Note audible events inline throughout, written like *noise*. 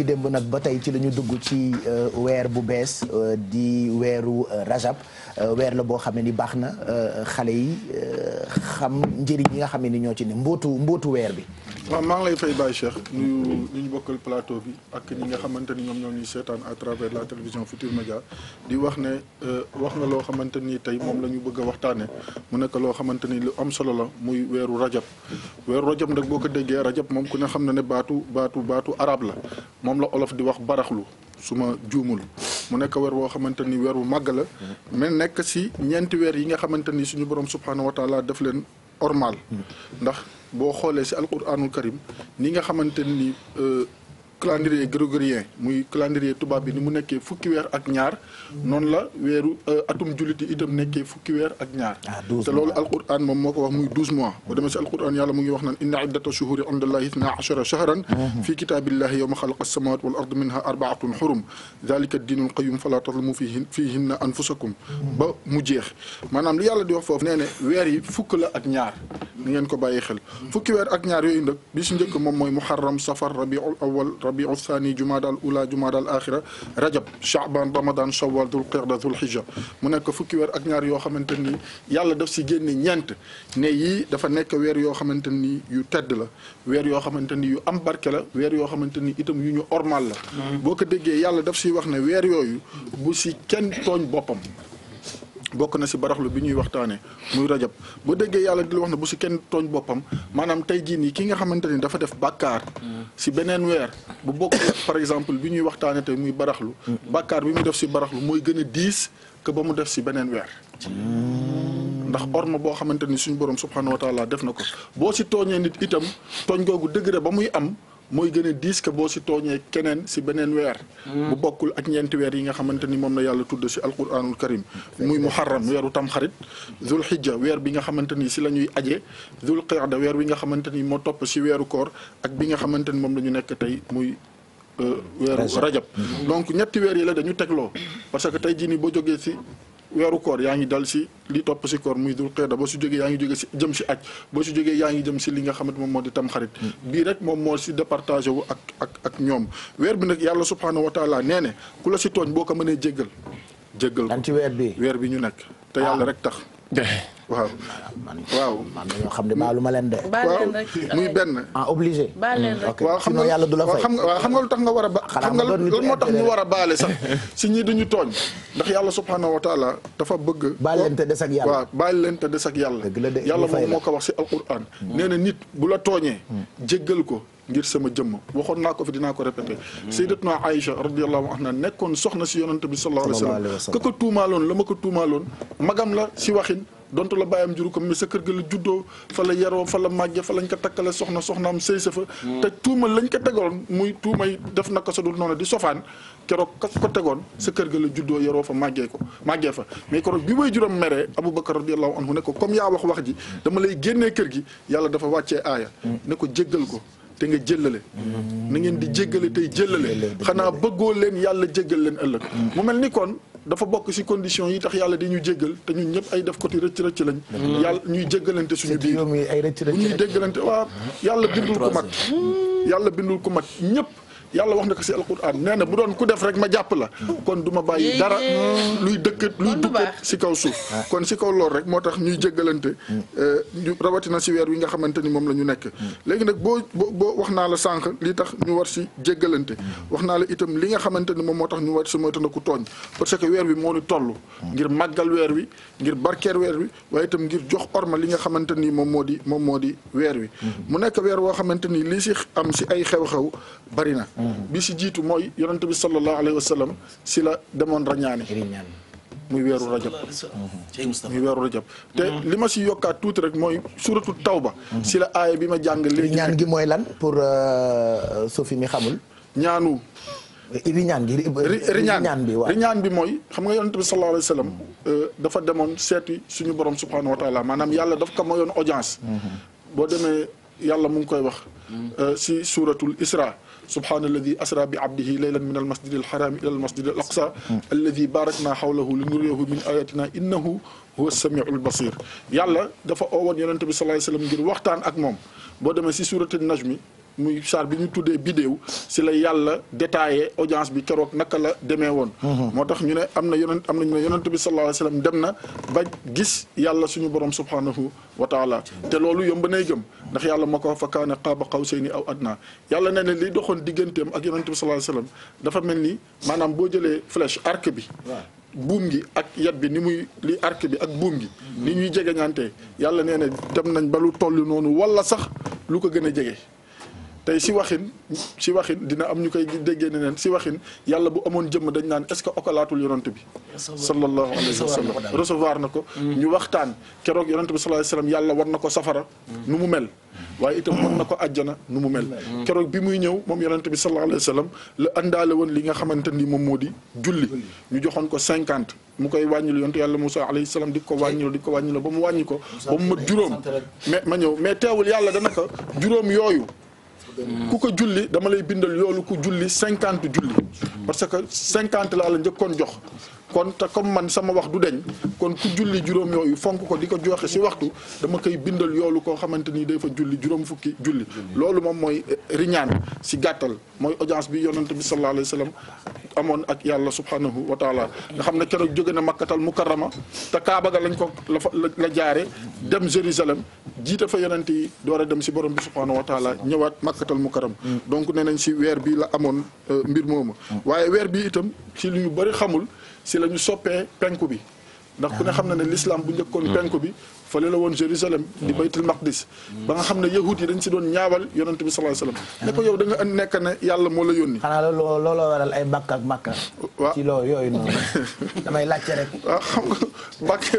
ci démb nag ba tey ci la ñu dugg ci euh, weer bu bees euh, di weeru euh, rajab weer la boo xam ne ni baax na xale yi xam njëriñ yi nga xam ni ñoo ci ne mbootu mbóotu weer bi waa maa ngi lay fay Baye Cheikh nuyu ñu bokkal plateau bi ak ñi nga xamante ni ñoom ñoo ñuy seetaan à travers la télévision Futur Média di wax ne euh, wax nga loo xamante ni tey moom la ñu bëgg a waxtaane mu nekk loo xamante ni lu am solo la muy weeru rajab weeru rajab nag boo ko déggee rajab moom ku ne xam na ne baatu baatu baatu arab la moom la olof di wax baraxlu su ma juumul mu nekk weer woo xamante ni weer wu màgg la mm-hmm. mais nekk si ñeenti weer yi nga xamante ni suñu borom subhaanahu wa def leen ormal ndax boo xoolee si ci alquranul karim ni nga xamante ni euh, calendrier grégorien muy calendrier tubaab bi ni mu nekkee fukki weer ak ñaar noonu la weeru euh, atum jullit yi itam nekkee fukki weer ak ñaar ah, te loolu alquran moom moo ko wax muy douze mois boo demee si alquran yàlla mu ngi wax naan inna iddata shuhuri indallahi ithna achara shahran mm-hmm. fi kitaabillahi yawma xalaqa as-samawati wal ard minha arbaatun xurum dalika diinul qayyum fala tazlamu fihi fihinna anfusakum mm-hmm. ba mu jeex maanaam li yàlla di wax foofu nee ne weer yi fukk la ak ñaar ni ngeen ko bàyyi xel fukki weer ak ñaar yooyu nag bi si njëkk moom mooy muharram safar rabiul awal rabiul thani jumaada al ula jumaada al axira rajab chaaban ramadan shawal dul qirda dul hijja mu nekk fukki weer ak ñaar yoo xamante ni yàlla daf si génne ñeent ne yii dafa nekk weer yoo xamante ni yu tedd la weer yoo xamante ni yu am barke la weer yoo xamante ni itam yu ñu ormal la mm. boo ko déggee yàlla daf si wax na weer yooyu bu si kenn tooñ boppam bokk na si baraxlu bi ñuy waxtaanee muy rajab boo déggee yàlla di la wax na bu si kenn tooñ boppam maanaam tey jii nii ki nga xamante ni dafa def bàkkaar si beneen weer bu bokk par exemple bi ñuy waxtaanee tey muy baraxlu bàkkaar bi muy def si baraxlu mooy gën a diis que ba mu def si beneen weer ndax orma boo xamante ni suñu borom subhanahu wa def na ko boo si tooñee nit itam tooñ googu degré ba muy am mooy gën a diis que boo si tooñee keneen si beneen weer. Mm. bu bokkul ak ñeenti weer yi nga xamante ni moom na yàlla tudd si alquranul karim. muy muharram weeru tamxarit. zul xijja weer bi nga xamante ni si la ñuy aje. zul qirda weer bi nga xamante ni moo topp si weeru koor ak bi nga xamante ni moom la nekk tey muy. Euh, weeru rajab mm-hmm. donc ñetti weer yi la dañu tegloo parce que tey jii boo jógee si. weeru koor yaa ngi dal si li topp si koor muy dul xeeda boo si jógee yaa ngi jóge si jëm si aj boo si jógee yaa ngi jëm si li nga xamante moom moo di tam xarit hmm. bii rek moom moo si départagé wu ak ak ak ñoom weer bi nag yàlla subhaanahu wa taala nee ne ku la si tooñ boo ko mënee jéggal jéggal ko weer bi ñu nekk te yàlla ah. rek tax *laughs* waaw waaw man ñoo xam ne baalu ma leen de. muy benn. ah obligé. baal leen hmm, rek waaw xam nga yàlla du la fay waaw xam nga lu tax nga war a ba. xam nga lan moo tax ñu war a baale sax si ñii duñu tooñ. ndax yàlla subhaanahu wa taala dafa bëgg. baal leen te des ak yàlla waaw baal leen te des ak yàlla. yàlla moom moo ko wax si alquran. Hmm. nee na nit bu la tooñee. Hmm. jéggal ko. ngir sama jëmm waxoon naa ko fi dinaa ko répété sayyidatuna Aïcha radiyallahu anha nekkoon soxna si yonante bi sallallahu alayhi wa sallam ka ko la ma ko tuumaaloon magam la si waxin dont la bàyyam juru ko mais sa kër ga la juddoo fa la yaroo fa la màggee fa lañ ko takkale soxna am sëy sa fa mm. te tuuma lañ ko tegoon muy tuumay def na ko sa dul noonu di sofaan keroog ka ko tegoon sa kër ga la juddoo yaroo fa màggee ko màggee fa mais keroog bi way juram meree Aboubacar radiallahu anhu ne ko comme yaa wax wax ji dama lay génnee kër gi yàlla dafa wàccee aaya mm. ne ko jéggal ko te nga jéllale mm. na ngeen di jéggale tey jéllale xanaa bëggoo leen yàlla jéggal leen ëllëg mel ni dafa bokk si condition yi tax yàlla di ñu jéggal te ñu ñëpp ay def ko ti rëcc rëcc lañ yàlla ñuy jéggalante suñu biir bu ñuy déggalante waaw yàlla bindul ku mag yàlla bindul ku mag ñëpp yàlla wax na ko ci alquran nee na bu doon ku def rek ma jàpp la kon duma bàyyi dara luy dëkkat luy dukkat ci kaw suuf ah. kon ci kaw lool rek moo tax ñuy jéggalante hmm. eh, ñu rawatina ci weer wi nga xamante ni moom la ñu nekk hmm. léegi nag boo boo wax naa la sànq li tax ñu war ci jéggalante hmm. wax naa la itam li nga xamante ni moom moo tax ñu war ci moytu na ku tooñ parce que weer wi moo ni toll ngir màggal weer wi ngir barkeer weer wi waaye itam ngir jox orma li nga xamante ni moom moo di moom moo di weer wi mu nekk weer woo xamante ni lii ci am ci ay xew-xew bari na bi si jiitu mooy yonent bi sallallahu alayhi wa sallam si la demoon rañaani muy weeru rajab muy weeru rajab te li ma si yokkaat tuuti rek mooy suratu tawba si la aaya bi ma jàng léegi ñaan gi mooy lan pour euh, sofi mi xamul ñaanu riñaan gi riñaan bi waaw riñaan bi mooy xam nga yonent bi sallallahu alayhi wa euh, dafa demoon seeti suñu borom subhanahu wa maanaam yàlla daf ko mayoon audience mhm. boo demee yàlla mu ngi koy wax mhm. euh, si suuratul isra subhaana alladi asra bi abdihi laylan min almasjid alxaraami ila almasjid al aqsa alladi barakna xawlahu li nuriyahu min ayatina innahu huwa samiul basir yàlla dafa oowoon yonente bi sallallahu alayhi wa sallam ngir waxtaan ak moom boo demee si suuratu najmi muy saar bi ñu tuddee bidéew si la yàlla détaillé audience bi keroog naka la demee woon mhm. moo tax ñu ne am na yonent am na ñu ne yonent bi sallallahu alayhi dem na ba gis yàlla suñu borom subhanahu wa taala te loolu yomb nay gëm ndax yàlla ma ko fa kaana qaaba qawsayni aw adnaa yàlla ne ne li doxoon digganteem ak yonent bi sallallahu alayhi wasallam dafa mel ni maanaam boo jëlee flèche arc bi buum gi ak yat bi ni muy li arc bi ak buum gi ni ñuy jegeñante yàlla nee ne dem nañ ba lu toll noonu wala sax lu ko gën a jege tey si waxin si waxin dina am ñu koy déggee ne neen si waxin yàlla bu amoon jëmm dañ naan est-ce que okalaatul yonent bi sallallahu alayhi wa sallam recevoir na ko mm. ñu waxtaan keroog yonent bi sallallahu alayhi wa yàlla war na ko safara mm. nu mu mel waaye itam war na ko àjjana nu mu mel keroog bi muy ñëw moom yonent bi sallallahu alayhi wa sallam la àndaale woon li nga xamante ni moom moo di julli ñu joxoon ko cinquante mu koy wàññil yonent yàlla Moussa alayhi salaam dik ko wàññiloo di ko wàññiloo ba mu wàññi ko ba mu mat juróom mais ma ñëw mais teewul yàlla dana ko juróom yooyu ku ko julli dama lay bindal yoolu ku julli cinquante julli parce que cinquante laa la njëkkoon jox kon te comme man sama wax du deñ kon ku julli juróom yooyu fonk ko di ko joxe si waxtu dama koy bindal yoolu koo xamante ni day fa julli juróom fukki julli loolu moom mooy eh, riñaan si gàttal mooy audience bi yonante bi sallallahu alayhi wa sallam amoon ak yàlla subhanahu wa taala nga xam ne keroog jóge na makkatal mukarrama te kaaba ga lañ ko la fa la jaare dem Jérusalem jiite fa yonante yi door a dem si borom bi subhanahu wa taala ñëwaat makkatal mukarram mm. donc ne nañ si weer bi la amoon euh, mbir moomu mm. waaye weer bi itam si lu ñu bëri xamul si la ñu soppee penku bi ndax ku ne xam na ne lislaam bu njëkkoon penku bi fële la woon Jérusalem di baytul maqdis ba nga xam ne yahud yi dañ si doon ñaawal yonent bi sallallahu alayhi wasallam ne ko yow da nga nekk ne yàlla moo la yónni xanaa loolu looloo waral ay bàkk ak màkka waaw ci loolu yooyu noonu *laughs* damay laajte rek waaw xam nga bàkke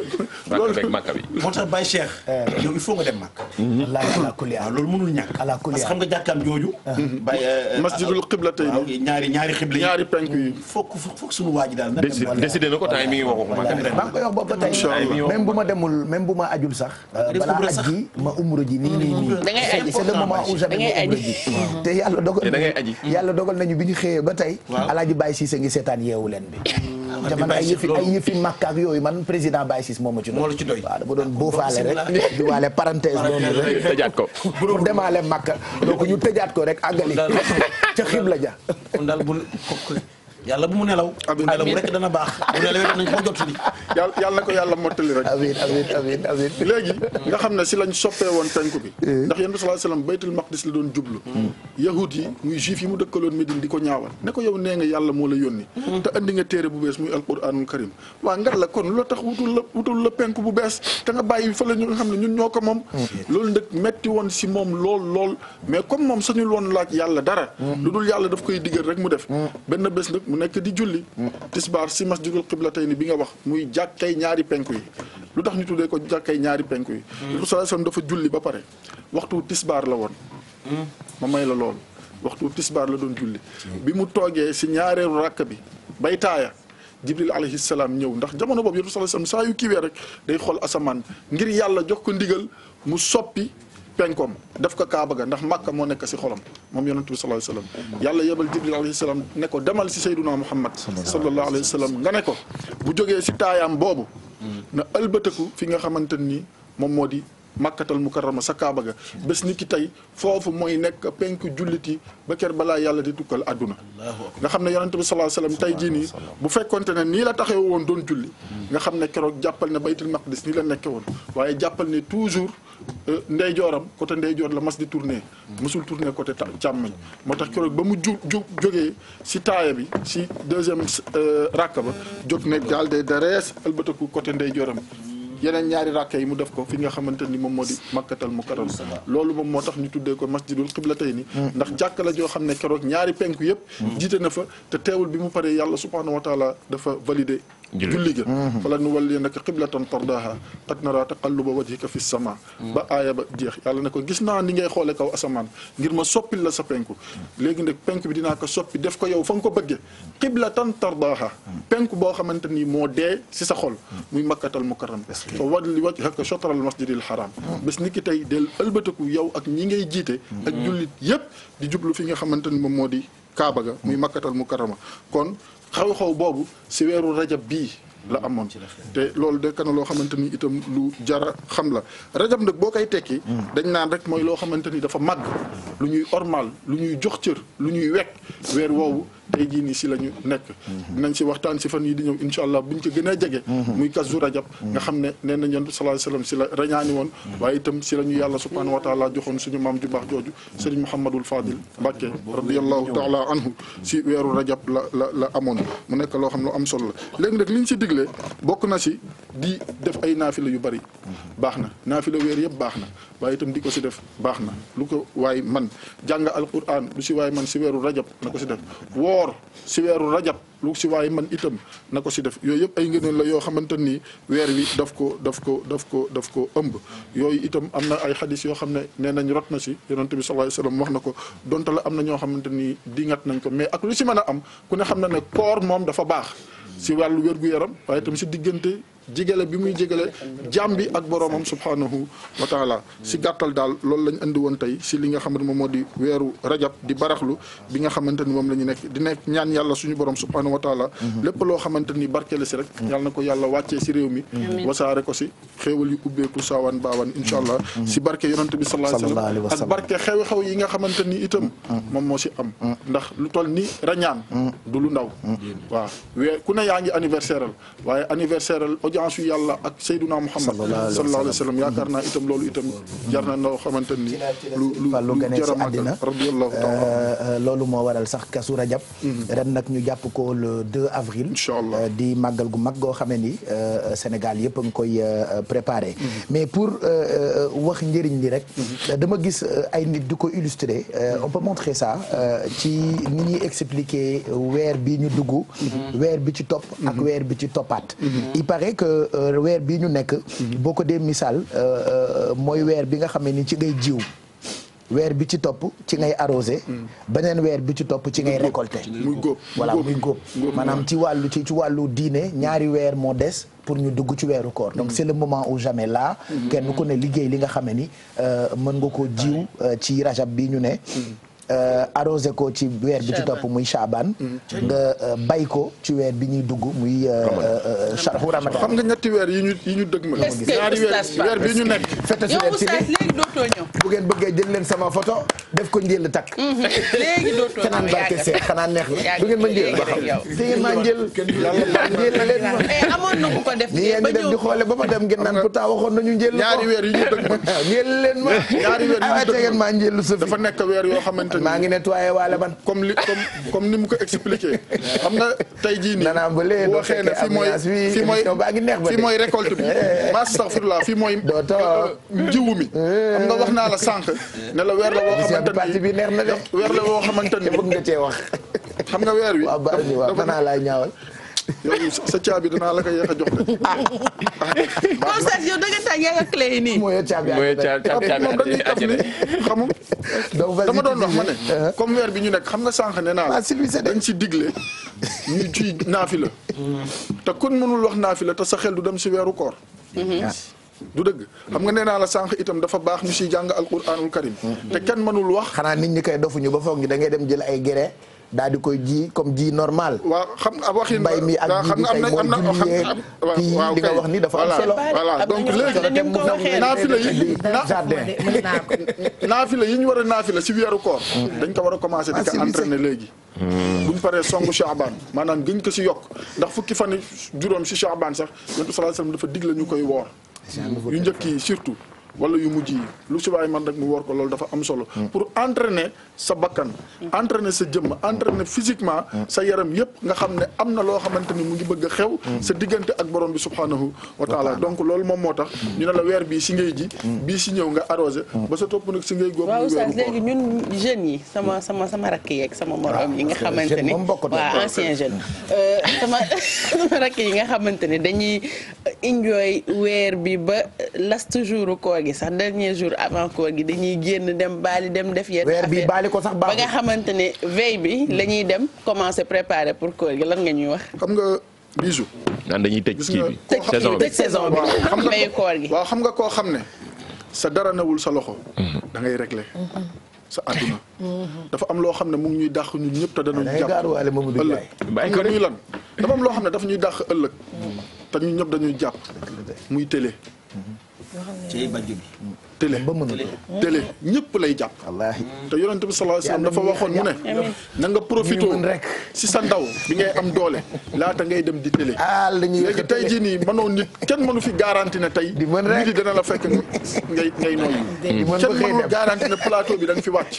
loolu màkka bi moo tax Baye Cheikh eh. yow il faut nga dem màkka mm-hmm. ala kulli waaw loolu mënul ñàkk ala kulli parce que xam nga jàkkaam jooju ah. bay eh, eh, masjidul qiblatayni ñaari ñaari xibla yi ñaari penk yi mm-hmm. fokk fokk suñu waaji daal décidé na ko tay mi ngi waxu màkka ajul sax. Ah, euh, balaa aj gi ma umra ji nii nii nii. da ngay aj c'est le moment où jamais ma umra ji. Hmm. te hmm. yàlla dogal nañu bi ñu xëyee ba tey. waaw alaaji Baye Cissé ngi seetaan yeewu leen bi. te ah, man ay yëfi ay yëfi màkk ak yooyu man président Baye Cissé moo ci doy. moo la ci doy waaw dama doon ah, boofaale rek. di waale parenthèse doon rek. ko *laughs* pour demaale màkk donc ñu tëjaat ko rek àggali *laughs* ca xibla ja. yàlla bu mu nelaw. amiin nelaw rek dana baax bu nelawee danañ ko jottali. *laughs* yàlla yàlla ko yàlla mottali rek. amiin amiin amiin amiin. léegi nga xam ne si lañ soppee woon penku bi. Eh. ndax yéen sallallahu alayhi wasallam baytul maqdis la doon jublu. Hmm. yahud yi muy juif yi mu dëkkaloon Médine di ko ñaawal ne ko yow nee nga yàlla moo la yónni. Hmm. te andi nga téere bu bees muy alquranul karim waa ngar la kon loo tax wutul la wutul la penku bu bees te nga bàyyi fa la ñu nga xam ne ñun ñoo ko moom. Hmm. loolu nag metti woon si moom lool lool mais comme moom sañul woon laaj yàlla dara. lu dul yàlla daf koy digal rek mu def benn bés nag mu nekk di julli tisbaar si masjidul qiblatayni bi nga wax muy jàkkay ñaari penk yi lu tax ñu tuddee ko jàkkay ñaari penk yi hmm. Rasul sallallahu dafa julli ba pare waxtu tisbaar la woon hmm. ma may la loolu waxtu tisbaar la doon julli hmm. bi mu toogee si ñaareelu ràkk bi bay taaya jibril alayhi salaam ñëw ndax jamono boobu Rasul sallallahu alayhi saa yu kiiwee rek day xool asamaan ngir yàlla jox ko ndigal mu soppi penkoom def ko kaaba ga ndax màkka moo nekk si xolam moom yonent bi sallallahu alayhi wa sallam yàlla yebal jibril alayhi salaam ne ko demal si sayduna muhammad sallallahu alayhi wa sallam nga ne ko bu jógee si taayaam boobu na ëlbëtëku fi nga xamante nii moom moo di màkkatal mukarrama sa kaaba ga bés ni ki tey foofu mooy nekk penku julliti ba kër balaa yàlla di tukkal àdduna nga xam ne yonente bi sallallahu alayhi wasallam tey jii nii bu fekkonte ne nii la taxew woon doon julli nga xam ne keroog jàppal ne baytul maqdis nii la nekke woon waaye jàppal ne toujours euh, ndeyjooram côté ndeyjoor la mas di tourné masul tourné côté càmmoñ moo tax keroog ba mu ju jógee si taaya bi si deuxième euh, rakk ba jóg ne daal de darees ëlbataku côté ndeyjooram yeneen ñaari rakka yi mu def ko fi nga xamante ni moom moo di makkatal mukarram loolu moom moo tax ñu tuddee ko masjidul qiblatayni hmm. ndax jàkka joo xam ne keroog ñaari penku yëpp hmm. jiite na fa te teewul bi mu paree yàlla subhanahu wa taala dafa validé julli ga mm-hmm. fa la nuwalliyannaka qiblatan tardaha qad nara taqalluba wajhika fi sama mm-hmm. ba aaya ba jeex yàlla ne ko gis naa ni ngay xoole kaw asamaan ngir ma soppil la sa penku mm-hmm. léegi nag penku bi dinaa ko soppi def ko yow fa nga ko bëgge qiblatan tardaha penku boo xamante ni moo dee si sa xol muy makkatal mukarram fa walli wajhaka shatral masjidil haram bés ni ki tey del ëlbatiku yow ak ñi ngay jiite ak jullit yépp di jublu fi nga xamante ni moom moo di kaaba ga muy makkatal mukarrama kon xaw-xaw boobu si weeru rajab bii la amoon te loolu de kana loo xamante ni itam lu jara xam la rajab nag boo koy tekki dañ naan rek mooy loo xamante ni dafa màgg lu ñuy ormal lu ñuy jox cër lu ñuy wekk weer woowu tey jii nii si la ñu nekk mhm. dinañ si waxtaan si fan yi di ñëw incha allah buñ ko gën a jege mhm. muy kazu rajab mhm. nga xam ne nee nañ yonent sallallahu alayhi si la rañaani woon waaye itam si la ñu yàlla subhanahu wa taala joxoon suñu maam ju baax jooju sëriñ Mouhamadul Fadil Mbàkke radiallahu taala anhu si weeru rajab la la la amoon mu nekk loo xam lu am solo la léegi nag li ñu si diglee bokk na si di def ay naafila yu bari baax na naafila weer yëpp baax na waaye itam di ko si def baax na lu ko waay man jàng al alquran lu si waay man si weeru rajab na ko si def woor si weeru rajab lu si waay man itam na ko si def yooyu yëpp ay ngëneel la yoo xamante ni weer wi daf ko daf ko daf ko daf ko ëmb yooyu itam am na ay xadis yoo xam ne nee nañ rot na si yonente bi sallallahu alayhi wasallam wax na ko donte la am na ñoo xamante ni dingat nañ ko mais ak lu si mën a am ku ne xam na ne koor moom dafa baax si wàllu wér-gu-yaram waaye itam si diggante jigale bi muy jigale jaam bi ak boroomam subhaanahu wa taala si gàttal daal loolu lañ andi woon tey si li nga xamante moom moo di weeru rajab di baraxlu bi nga xamante ni moom la ñu nekk di nekk ñaan yàlla suñu borom subhaanahu wa taala mhm. lépp loo xamante ni barkeele si rek mhm. yàlla na ko yàlla wàccee si réew mi wasaare ko si xéewal yu ubbeeku saawaan baawaan mhm. incha allah si barke yonante bi sallallahu alayhi wa barke xew xew yi nga xamante itam moom moo si am ndax lu toll ni rañaan du lu ndaw waaw ku ne yaa ngi chance yu yàlla ak Seyduna Muhammad sallallahu alayhi wa sallam yaakaar naa itam loolu itam jar na loo xamante euh, euh, loolu moo waral sax kasu rajab mm-hmm. ren nag ñu jàpp ko le 2 avril euh, di màggal gu mag goo xamee ni Sénégal yëpp a ngi koy préparé mm-hmm. mais pour wax njëriñ li rek mm-hmm. dama gis ay nit di ko illustrer on peut montrer ça ci ni ñuy expliquer weer bi ñu dugg weer bi ci top ak weer bi ci toppaat il paraît Euh, euh, weer bii ñu nekk mhm. boo ko dee misaal euh, mooy weer bi nga xam ne ni ci ngay jiw weer bi ci topp ci ngay arrosé mhm. beneen weer bi ci topp ci ngay récolté muy góob voilà muy góob maanaam ci wàllu ci ci wàllu diine ñaari weer moo des pour ñu dugg ci weeru koor donc mhm. c'est moment ou jamais là kenn ku ne liggéey li nga xam ne ni mën nga koo jiw ci rajab bi ñu ne Euh, arrosé ko ci weer bi ci topp muy Chaban. Mm. Mm. nga euh, bay ko ci weer bi ñuy dugg muy. Shahru euh, Ramadan xam nga ñetti weer yi ñu yi ñu dëgg ma. ñaari weer bi ñu nekk. fete si weer si léegi dootoo ñëw. bu ngeen bëggee jël leen sama photo def ko njël takk. Mhm. *laughs* léegi dootoo ñëw yaa ngi seet xanaa neex na bu ngeen ma njël ba xam. te ngeen maa njël njël na leen ma. *laughs* Eh, amoon na ku ko def ba ñëw di xoole ba ma dem ngeen naan pourtant waxoon nañu njël. ñaari weer yi ñu dëgg ma. *laughs* njël leen ma. ñaari weer yi ñu ah, dëgg ma dafa nekk weer yoo xamante maa ngi ne nettoyé waale man. comme li comme comme ni mu ko expliqué. xam nga tey jii nii. nanaam ba léegi doo fekkee ambiance bi émission baa ngi neex ba de fii mooy récolte bi. *laughs* maa astaghfirullah fii mooy. doo too euh, jiwu mi. xam nga wax naa la sànq. ne la weer la boo xamante ni parti bi neex na de. weer la boo xamante ni *laughs* bëgg nga cee wax. xam nga weer wi. waaw baax na waaw mën naa laa ñaawal. yow sa caabi danaa la ko yéex a jox de. Ah. Ah. nii. mooy caabi xam nga dama doon wax ma ne. comme weer bi ñu nekk xam nga sànq ne naa la. Ah, dañ si digle ñu ciy naafi la. te kon mënul wax naafi la sa xel du dem si weeru koor. Mm-hmm. du dëgg xam nga nee naa la sànq itam dafa baax ñu siy jàng alquranul karim. Mm-hmm. te kenn mënul wax. xanaa nit ñi koy dofuñu ba foog ñu da ngay dem jël ay gere. daal di koy jii comme jii normal. waaw xam nga waxin mbay mi ak ji bi tey mooy julli kii li nga wax ni dafa am solo. voilà donc léegi naafila yi naafila yi ñu war a naafila si weeru koor. Mm. dañ ko war a commencé di ko ah, entraîner léegi. Mm. buñ paree songu Chaabaan maanaam gën ko si yokk ndax fukki fan juróom si Chaabaan sax yonent sallallahu alayhi wasallam dafa digle ñu koy woor. yu njëkk yi surtout. wala yu mujj yi lu si waay man rek mu war ko loolu dafa am solo. Mm. pour entraîner sa bakkan. Mm. entraîner sa jëmm entraîner physiquement. Mm. sa yaram yëpp nga xam ne am na loo xamante ni mu ngi bëgg a xew. sa diggante ak borom bi subhanahu wa taala donc loolu moom moo tax. ñu ne la weer bii si ngay ji. bii si ñëw nga arrosé. ba sa topp nag si ngay góob. waaw yi sama sama sama rakk yeeg sama morom yi nga ah, xamante ni waaw jeune. Euh, *laughs* sama rakk yi nga xamante ni dañuy enjoy weer bi ba last jour koor koor gi sax dernier jour avant koor gi dañuy génn dem baali dem def yenn weer bi baali ko sax baax ba la ñuy dem commencer préparer pour koor gi lan nga ñuy wax xam nga bijou naan dañuy tëj kii bi tëj saison bi mayu koor gi waaw xam nga koo xam ne sa dara mhm. da ngay mhm. mhm. dafa am loo xam ne mu ngi ñuy dàq ñun ñëpp te danañu jàpp ëllëg bàyyi ko loo xam ne dafa ñuy dàq ëllëg te ñun ñëpp dañuy jàpp muy télé cey bajju bi télé ba mën a télé ñëpp lay jàpp te yonent bi sallallahu alayhi wasallam dafa waxoon mu ne na nga profité si sa ndaw bi ngay am doole laata ngay dem di télé ah, léegi tey jii nii mënoo nit kenn mënu fi garanti ne tey nit yi dana la fekk ngay ngay nooyu mm, mm, mm. kenn mënul garanti ne plateau bi nga fi wàcc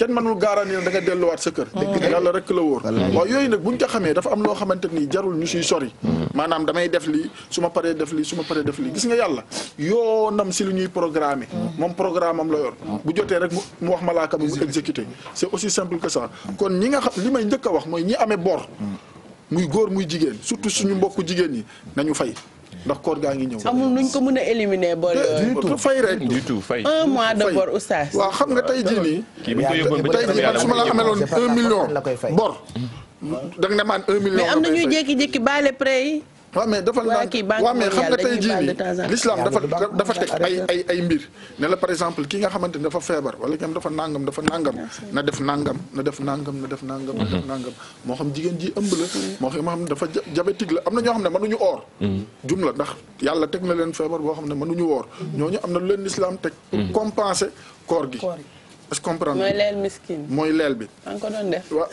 kenn mënul garanti ne nga delluwaat sa kër yàlla rek la wóor waaw yooyu nag buñ ko xamee dafa am loo xamante nii jarul ñu siy sori maanaam damay def li su ma paree def lii su ma paree def li gis nga yàlla yoonam si lu ñuy programme moom programme am la yor bu jotee rek mu wax malaaka mi mu exécuté c'est aussi simple que ça kon ñi nga xam li may njëkk a wax mooy ñi amee bor muy góor muy jigéen surtout suñu mbokku jigéen ñi nañu fay ndax koor gaa ngi ñëw. amul nuñ ko mën a éliminer bor eh, yooyu. du un ma million bor. da nga ne un million. mais am na ñuy jékki-jékki baale prêt yi. waaw mais dafa naan waaw mais xam nga tey jii nii l'islam dafa dafa teg ay ay ay mbir ne la par exemple ki nga xamante ne dafa feebar wala ñoom dafa nangam dafa nangam na def nangam na def nangam na def nangam mhm. nangam moo xam jigéen ji ëmb la mhm. moo xam dafa diabétique la am na ñoo xam ne mënuñu oor mhm. jumla ndax yàlla teg na leen feebar boo xam ne mënuñu woor ñoo ñu am na lu leen l'islam teg compenser koor gi est-ce mooy leel miskin mooy leel bi. maa ngi ko doon def waaw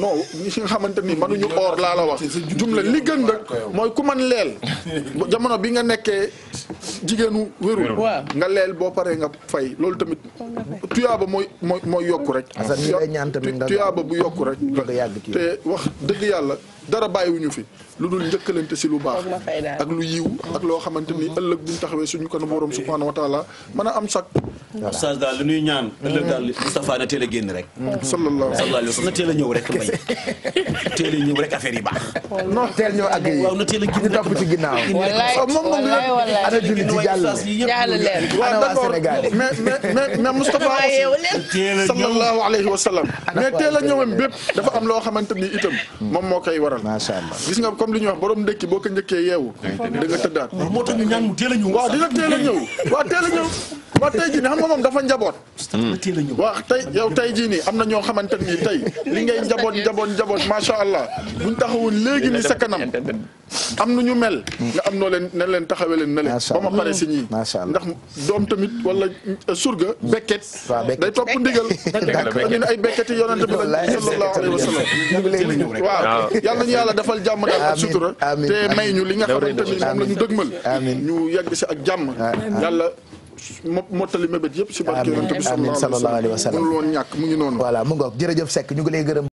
non ñi nga xamante ni mënuñu or laa la wax. jumla li gën nag mooy ku man leel. jamono bi nga nekkee jigéenu wérul. nga leel boo paree nga fay loolu tamit. tuyaaba mooy mooy mooy yokku rek. tuyaaba bu yokku rek. te wax dëgg yàlla dara bàyyiwuñu fi. lu dul njëkkalante si lu baax ak lu yiw ak loo xamante ni ëllëg buñ taxawee suñu kanam borom subhaanahu wa taala mën a am sax voilà oustaz daal lu ñuy ñaan. ëllëg daal a génn rek. Mm. sallallahu alayhi wa sallam na a ñëw rek mbay. *laughs* teel yi baax. non teel ñëw ak yi waaw a génn rek ñu topp ci ginnaaw. wallaay wallaay wallaay ana julli ci jàll jàll leen ana waa Sénégal mais mais mais Moustapha aussi sallallahu alayhi wa sallam mais teel a ñëwam bépp dafa am loo xamante ni itam moom moo koy waral. macha allah gis nga li ñuy wax borom ndekki boo ko njëkkee yeewu. da nga moo tax ñaan mu teel a ñëw. waaw dina teel a a waaw tey jii nii xam nga moom dafa njaboot. Hmm. waaw tey yow tey jii nii am na ñoo xamante ni tey li ngay njaboot njaboot njaboot macha allah buñ taxawu léegi ni sa kanam am na ñu mel. nga am noo leen ne leen taxawe leen ne leen. ba ma pare si ñii. ndax doom tamit wala euh, surga bekket. day topp ndigal. ñu ne ay bekket yi yonent bi lañ sallallahu alayhi wa sallam. waaw yal nañu yàlla defal jàmm daal ak sutura. te may ñu li nga xamante ni moom la ñu dëgmal. ñu yegg si ak jàmm yàlla mottali mébét yëpp si barke yonent bi sallallahu alayhi wa sallam mënul woon ñàkk mu ngi noonu voilà mu ngoog jërëjëf sekk ñu ngi lay gërëm